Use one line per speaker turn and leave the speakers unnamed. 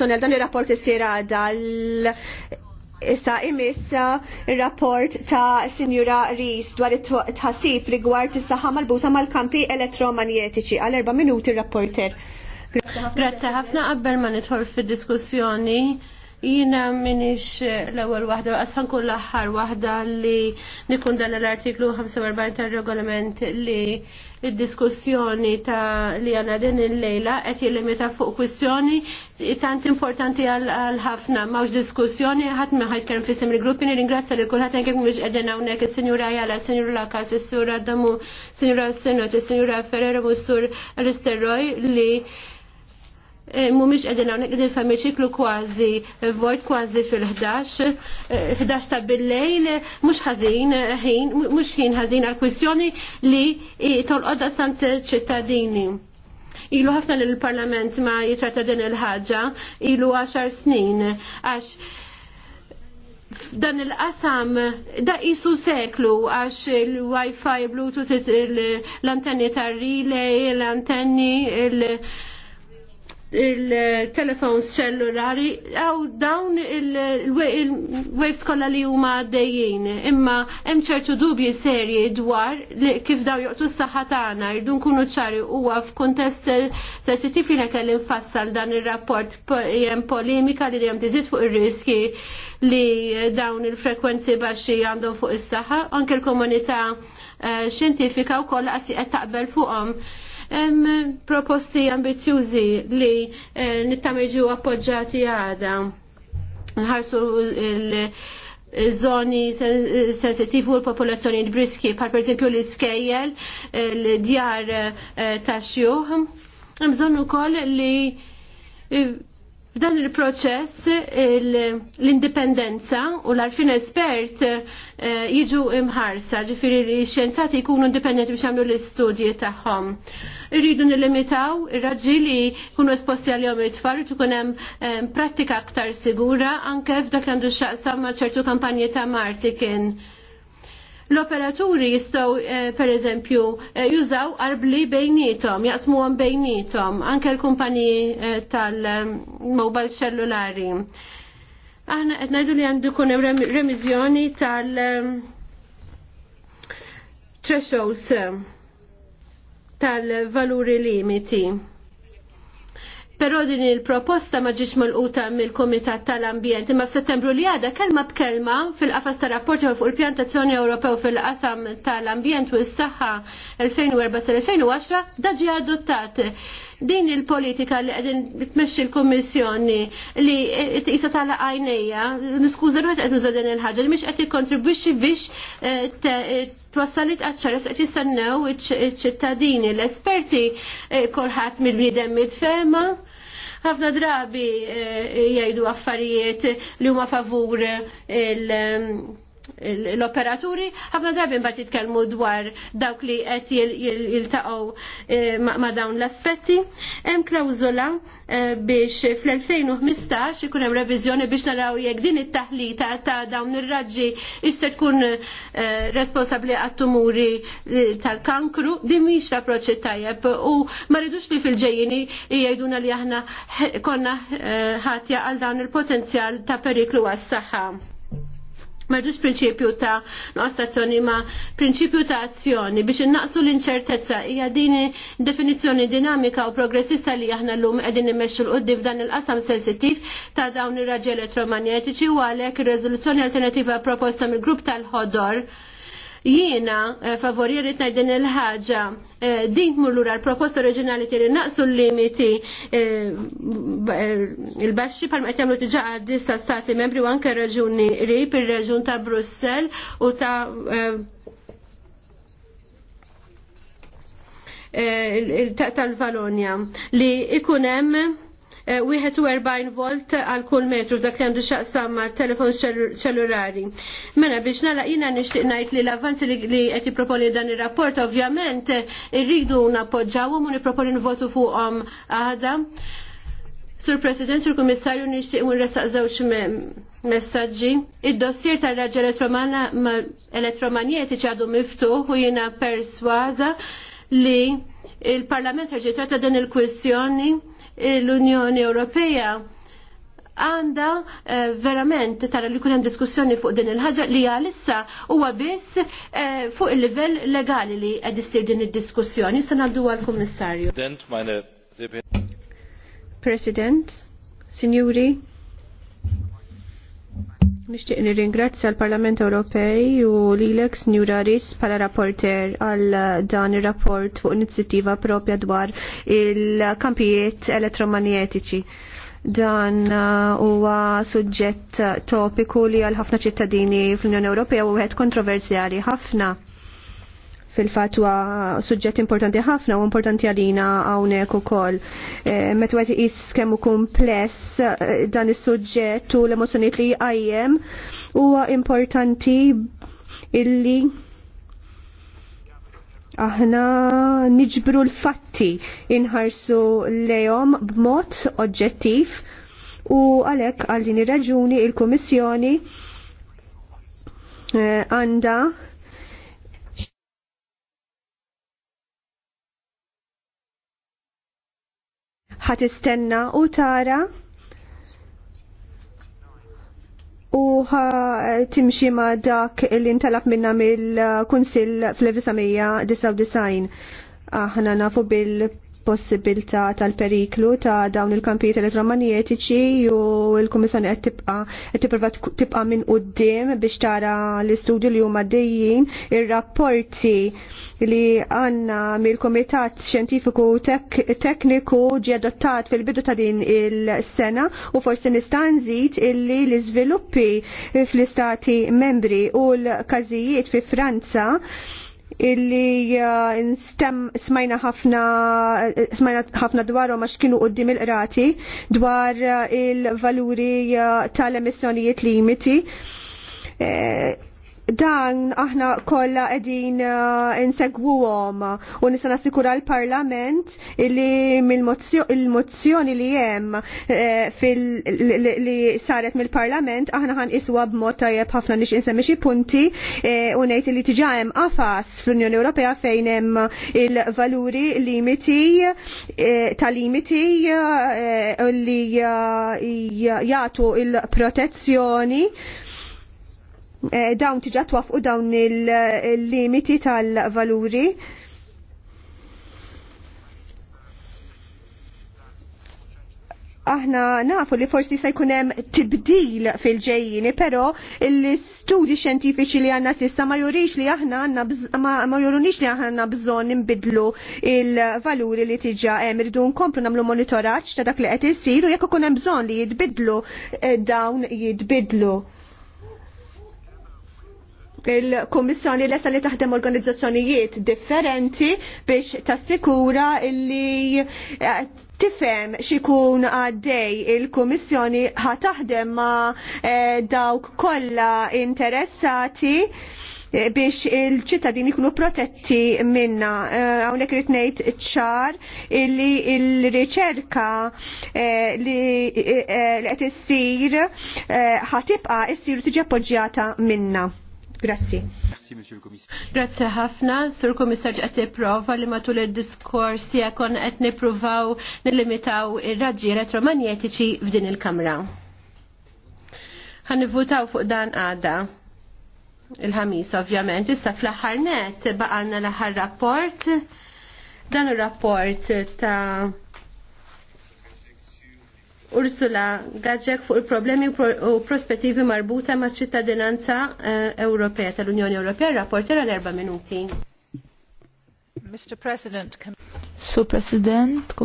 Sonel dan il-rapport isir dal Issa imissa il-rapport ta' Signora Ries dwar it tħassif rigward is-saħħa malbuta mal-kampi elettromagnetiċi
għal erba' minuti rapporter. Grazzi ħafna qabel ma nidħol fid-diskussjoni. Jina minix eh, l-ewel wahda, għasħan kun l aħħar wahda li nikun dan l-artiklu 45 tal-regolament li id-diskussjoni ta' li għana din il-lejla qed jillimita fuq kwistjoni tant importanti għal ħafna mawx diskussjoni ħadd ma ħadd kemm fisim il-gruppi nirringrazzja li kulħadd hekk mħiġ għedin hawnhekk is senjura Jala, is-Sinjura Lakas, is-Sura Damu, is-Sinjura Sinot, is-Sinjura Ferrero u s l-isterroj li Eh, mumiex edin għonek li famiċiklu kważi vojt kważi fil-11, 11 eh, ta' bil-lejl, mux ħazin, eh, ħin, mux ħin ħazin għal-kwistjoni li tolqodda sant ċittadini. Ilu ħafna li l-parlament ma jitrata din il-ħagġa, ilu 10 snin, għax dan il-qasam da jisu seklu għax il-Wi-Fi, Bluetooth, l-antenni tar-relay, l-antenni, il-, l antenni il-telefons ċellulari għaw dawn il-waves kolla li huma dejjin imma hemm ċertu dubji serji dwar kif daw joqtu s-saħħa tagħna rridu nkunu ċari huwa f'kuntest sensittiv li kell infassal dan ir-rapport hemm polemika li hemm tiżid fuq ir-riski li dawn il-frekwenzi baxxi għandhom fuq is-saħħa anke l-komunità eh, xjentifika wkoll qasi qed taqbel fuqhom proposti ambizjużi li eh, nittameġu appoġġati għada. Nħarsu il- zoni u l-popolazzjoni briski, par per l-iskejjel, l-djar eh, ta' xjuħ. Mżon u koll li eh, F'dan il-proċess l-indipendenza u l-arfin espert eh, jiġu imħarsa, ġifiri li xienzati jkunu indipendenti biex għamlu l-istudji tagħhom. Irridu nilimitaw ir raġi li jkunu esposti għal-jom it-tfal tkun hemm eh, prattika aktar sigura anke f'dak għandu x'aqsam ma' ċertu kampanji ta' marti kien L-operaturi jistaw eh, per eżempju eh, jużaw arbli bejnietom, jaqsmu għan bejnietom, anke l kumpani eh, tal-mobile cellulari. Aħna qed ngħidu li għandu kun remiżjoni tal-thresholds tal-valuri limiti. Però din il-proposta ma ġiġ mal-quta mill-Komitat tal-Ambjent imma f'Settembru li għada kelma b'kelma fil-qafas ta' rapport fuq il-pjantazzjoni Ewropew fil-qasam tal-Ambjent u s-saħħa 2014-2010 daġi adottat din il-politika li għedin tmexxi l-Kommissjoni li tqisa tala għajnejja, niskuża ruħet qed nuża din il-ħaġa li mhix qed ikkontribwixxi biex eh, twassalit għadċares qed jistennew iċ-ċittadini, l-esperti eh, kolħat mill bnidem mid fema ħafna drabi eh, jgħidu affarijiet li huma favur il- l-operaturi, ħafna drabi mbagħad jitkellmu dwar dawk li qed jiltaqgħu eh, ma' dawn l-aspetti. Hemm klawzula eh, biex fl-2015 ikun hemm reviżjoni biex naraw jekk din it-taħlita ta' dawn ir-raġġi ixter tkun eh, responsabbli għat-tumuri tal-kankru, din mhix l-approċċ tajjeb u ma rridux li fil-ġejjini jgħiduna li aħna konna ħatja għal dawn il-potenzjal ta' periklu għas-saħħa. Mardux prinċipju ta' nuqqas ma' prinċipju ta' azzjoni biex innaqsu l-inċertezza hija din definizzjoni dinamika u progressista li aħna llum qegħdin immexxu l-qudiem f'dan il-qasam sensittiv ta' dawn ir-raġi elettromagnetiċi u għalhekk ir-reżoluzzjoni alternattiva proposta mill-grupp tal-ħodor Jiena eh, favori rrit din il-ħaġa eh, dint tmur lura l-proposta oriġinali tiri naqsu l-limiti eh, il-baxxi pal qed jagħmlu diġà għaddista stati membri u anke raġuni ri ir-reġun ta' Brussell u ta' tal-Valonja li ikun hemm 41 eh, volt għal kull metru dak li għandu xaqsam ma' telefon ċellulari. Mela biex nala jina nishtiq najt li l-avanzi li qed jipproponi dan ir-rapport ovvjament irridu nappoġġawhom u nipproponi nvotu fuqhom għada. Sur President, Sur Komissarju, nixtieq un restaq żewġ messaġġi. Id-dossier tar-raġel elettromagnetiċi għadu miftuħ u jiena perswaza li il-Parlament ħarġi tratta din il-kwistjoni l-Unjoni Ewropea għanda eh, verament tara li kunem diskussjoni fuq din il-ħagġa li għalissa huwa biss eh, fuq il-livell legali li qed issir din id-diskussjoni. Se ngħaddu għall-Kummissarju. President, signori,
Nishtiq nirringrazzja l-Parlament Ewropej u lilek Signora Ris pala rapporter għal dan ir-rapport fuq inizjattiva propja dwar il-kampijiet elettromagnetiċi. Dan uh, huwa suġġett topiku li għal ħafna ċittadini fl-Unjoni Ewropea u wieħed kontroversjali ħafna fil-fatwa suġġett importanti ħafna u importanti għalina hawnhekk ukoll. Eh, meta wieħed iqis kemm kumpless eh, dan is-suġġett u l-emozzjonijiet li jqajjem huwa importanti illi aħna niġbru l-fatti inħarsu lejhom b'mod oġġettiv u għalhekk għal din ir-raġuni il-Kummissjoni eh, għandha ħatistenna u tara u timxi ma dak li intalab minna mill-Kunsil fl-1999. Aħna nafu bil possibilità tal-periklu ta' dawn il-kampijiet elettromagnetiċi u l komissjoni qed tibqa' qed tipprova tibqa' minn quddiem biex tara l-istudju li huma dejjin ir-rapporti li għanna mill-Komitat Xjentifiku Tekniku ġi adottat fil-bidu ta' din il-sena u forsi nistanżit illi l-iżviluppi fl-istati membri u l-każijiet fi Franza illi smajna ħafna smajna ħafna dwarhom għax kienu qoddim il-qrati dwar eh, il-valuri tal-emissjonijiet limiti. Eh, dan aħna kolla edin eh, insegwuhom u nisana sikura l-Parlament illi il-mozzjoni li hemm eh, li saret mill-Parlament aħna ħan iswa b'mod tajjeb ħafna nix insemmi xi punti eh, u ngħid li tiġa hemm qafas fl-Unjoni Ewropea fejn hemm il-valuri limiti tal-limiti li jagħtu il-protezzjoni Eh, dawn tiġa twafqu dawn il-limiti tal-valuri. aħna nafu li forsi se jkun hemm tibdil fil-ġejjini, però l-istudji xjentifiċi li għandna sissa ma jurix li aħna ma jurunix li aħna bżonn nbidlu il-valuri li tiġa hemm nkomplu nagħmlu monitoraġġ ta' dak li qed isir u jekk ikun hemm bżonn li jitbidlu eh, dawn jitbidlu il-Kommissjoni lesa li taħdem organizzazzjonijiet differenti biex tassikura illi eh, tifem xikun għaddej il-Kommissjoni ħataħdem ma eh, dawk kolla interessati eh, biex il-ċittadini kunu protetti minna. Għawnek rrit nejt ċar illi il-riċerka li qed issir ħatibqa' issir tiġi appoġġjata minna. Grazzi.
Grazzi, Grazzi ħafna, Sur Kommissarġ qed prova li matul id-diskors tiegħek kon qed nippruvaw nilimitaw ir-raġġi elettromanjetiċi f'din il-Kamra. Ħan fuq dan għada il-ħamis ovvjament. Issa fl-aħħar net baqalna l-aħħar rapport. Dan ir-rapport ta' Ursula Gadżek fuq il-problemi u prospettivi marbuta ma' ċittadinanza eh, Ewropea tal-Unjoni Ewropea, rapporter għal erba' minuti. Mr. President, Su President,